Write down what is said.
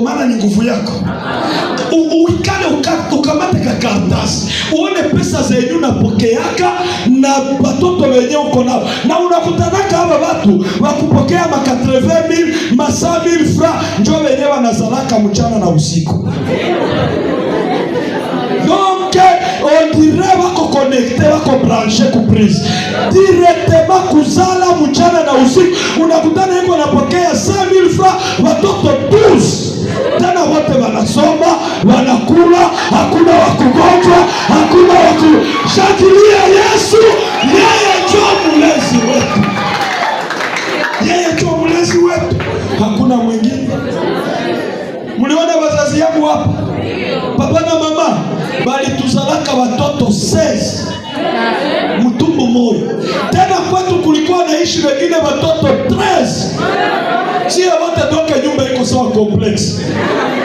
maana ni nguvu yako. Uikale ukamate kakaratasi uone pesa zenye unapokeaka na watoto wenye uko nao, na unakutanaka hapa watu wakupokea makatreve mil masa mil fra njo wenye wanazalaka mchana na usiku donke odire wako konekte wako branche kuprise direktema kuzala mchana na usiku, unakutana iko napokea puzi tena, wote wanasoma wanakula, hakuna wakugonjwa, hakuna waku. Shakilia Yesu, yeye ndio mlezi wetu, yeye ndio mlezi wetu, hakuna mwingine. Mliona wazazi yangu hapa, papa na mama, bali tuzalaka watoto sezi mutumbu moyo. Tena kwetu kulikuwa naishi wengine watoto trezi só é complexo.